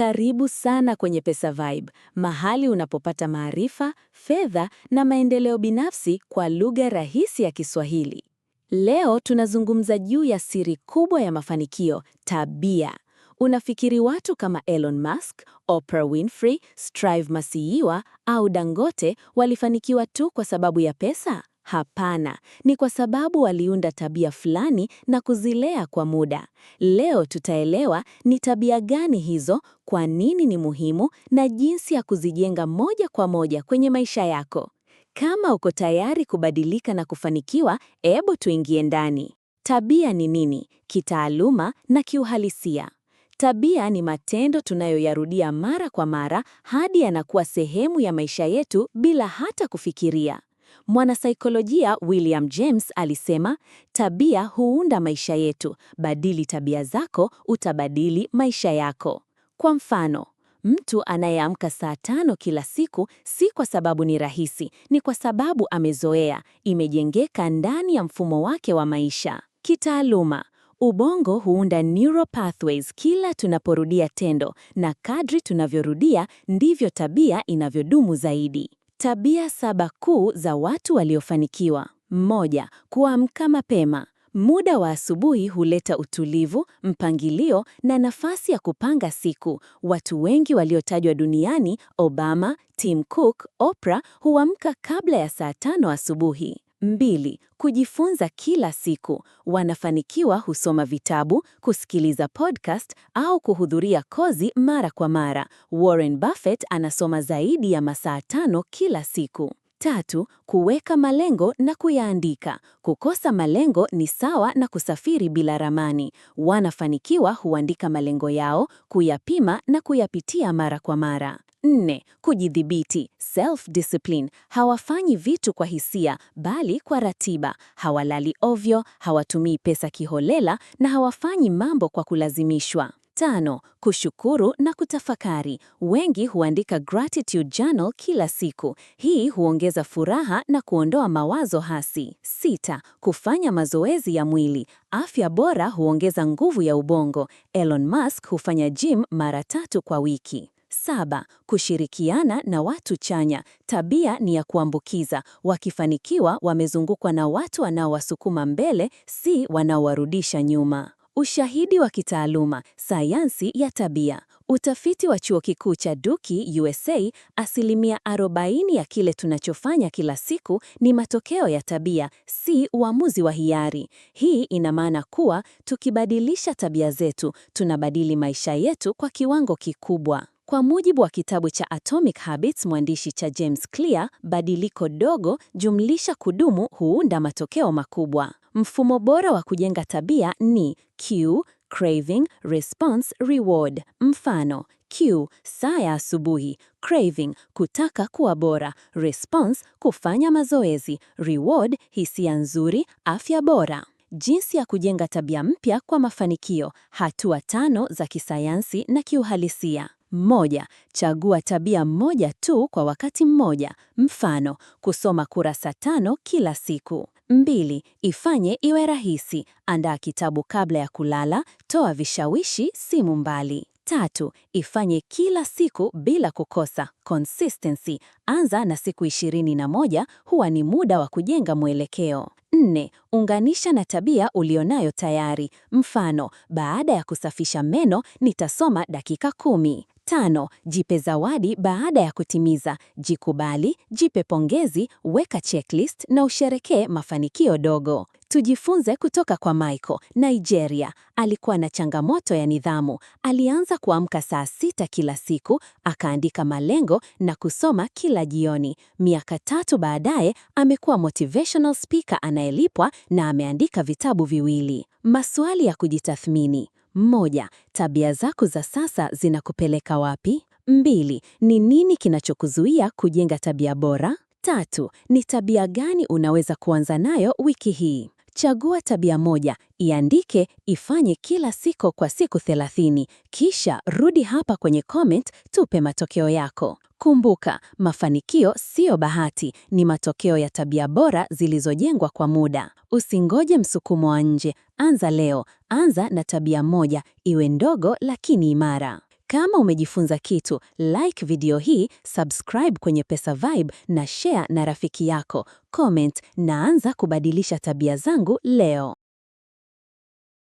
Karibu sana kwenye pesa Vibe, mahali unapopata maarifa, fedha na maendeleo binafsi kwa lugha rahisi ya Kiswahili. Leo tunazungumza juu ya siri kubwa ya mafanikio, tabia. Unafikiri watu kama Elon Musk, Oprah Winfrey, Strive Masiyiwa au Dangote walifanikiwa tu kwa sababu ya pesa? Hapana, ni kwa sababu waliunda tabia fulani na kuzilea kwa muda. Leo tutaelewa ni tabia gani hizo, kwa nini ni muhimu, na jinsi ya kuzijenga moja kwa moja kwenye maisha yako. Kama uko tayari kubadilika na kufanikiwa, ebo tuingie ndani. Tabia ni nini kitaaluma na kiuhalisia? Tabia ni matendo tunayoyarudia mara kwa mara hadi yanakuwa sehemu ya maisha yetu bila hata kufikiria. Mwanasaikolojia William James alisema, tabia huunda maisha yetu. Badili tabia zako, utabadili maisha yako. Kwa mfano, mtu anayeamka saa tano kila siku si kwa sababu ni rahisi, ni kwa sababu amezoea, imejengeka ndani ya mfumo wake wa maisha. Kitaaluma, ubongo huunda neural pathways kila tunaporudia tendo, na kadri tunavyorudia ndivyo tabia inavyodumu zaidi. Tabia saba kuu za watu waliofanikiwa. Moja, kuamka mapema. Muda wa asubuhi huleta utulivu, mpangilio na nafasi ya kupanga siku. Watu wengi waliotajwa duniani, Obama, Tim Cook, Oprah, huamka kabla ya saa tano asubuhi. Mbili, kujifunza kila siku. Wanafanikiwa husoma vitabu, kusikiliza podcast au kuhudhuria kozi mara kwa mara. Warren Buffett anasoma zaidi ya masaa tano kila siku. Tatu, kuweka malengo na kuyaandika. Kukosa malengo ni sawa na kusafiri bila ramani. Wanafanikiwa huandika malengo yao, kuyapima na kuyapitia mara kwa mara. Nne, kujidhibiti, self discipline. Hawafanyi vitu kwa hisia bali kwa ratiba. Hawalali ovyo, hawatumii pesa kiholela na hawafanyi mambo kwa kulazimishwa. Tano, kushukuru na kutafakari. Wengi huandika gratitude journal kila siku. Hii huongeza furaha na kuondoa mawazo hasi. Sita, kufanya mazoezi ya mwili. Afya bora huongeza nguvu ya ubongo. Elon Musk hufanya gym mara tatu kwa wiki. Saba, kushirikiana na watu chanya. Tabia ni ya kuambukiza. Wakifanikiwa, wamezungukwa na watu wanaowasukuma mbele, si wanaowarudisha nyuma. Ushahidi wa kitaaluma, sayansi ya tabia. Utafiti wa chuo kikuu cha Duke USA, asilimia 40 ya kile tunachofanya kila siku ni matokeo ya tabia, si uamuzi wa hiari. Hii ina maana kuwa tukibadilisha tabia zetu, tunabadili maisha yetu kwa kiwango kikubwa. Kwa mujibu wa kitabu cha Atomic Habits mwandishi cha James Clear, badiliko dogo jumlisha kudumu huunda matokeo makubwa. Mfumo bora wa kujenga tabia ni cue, craving, response, reward. Mfano: cue, saa ya asubuhi; craving, kutaka kuwa bora; response, kufanya mazoezi; reward, hisia nzuri, afya bora. Jinsi ya kujenga tabia mpya kwa mafanikio: hatua tano za kisayansi na kiuhalisia. Moja, chagua tabia moja tu kwa wakati mmoja, mfano kusoma kurasa tano kila siku. Mbili, ifanye iwe rahisi. Andaa kitabu kabla ya kulala, toa vishawishi, simu mbali. Tatu, ifanye kila siku bila kukosa. Consistency. Anza na siku ishirini na moja, huwa ni muda wa kujenga mwelekeo. Nne, unganisha na tabia ulionayo tayari. Mfano, baada ya kusafisha meno, nitasoma dakika kumi. Tano, jipe zawadi baada ya kutimiza. Jikubali, jipe pongezi, weka checklist na usherekee mafanikio dogo. Tujifunze kutoka kwa Michael, Nigeria. Alikuwa na changamoto ya nidhamu. Alianza kuamka saa sita kila siku, akaandika malengo na kusoma kila jioni. Miaka tatu baadaye, amekuwa motivational speaker anayelipwa na ameandika vitabu viwili. Maswali ya kujitathmini. Moja, tabia zako za sasa zinakupeleka wapi? Mbili, ni nini kinachokuzuia kujenga tabia bora? Tatu, ni tabia gani unaweza kuanza nayo wiki hii? Chagua tabia moja, iandike, ifanye kila siku kwa siku 30, kisha rudi hapa kwenye comment, tupe matokeo yako. Kumbuka, mafanikio siyo bahati, ni matokeo ya tabia bora zilizojengwa kwa muda. Usingoje msukumo wa nje, anza leo. Anza na tabia moja, iwe ndogo lakini imara. Kama umejifunza kitu, like video hii, subscribe kwenye pesa vibe na share na rafiki yako. Comment, naanza kubadilisha tabia zangu leo.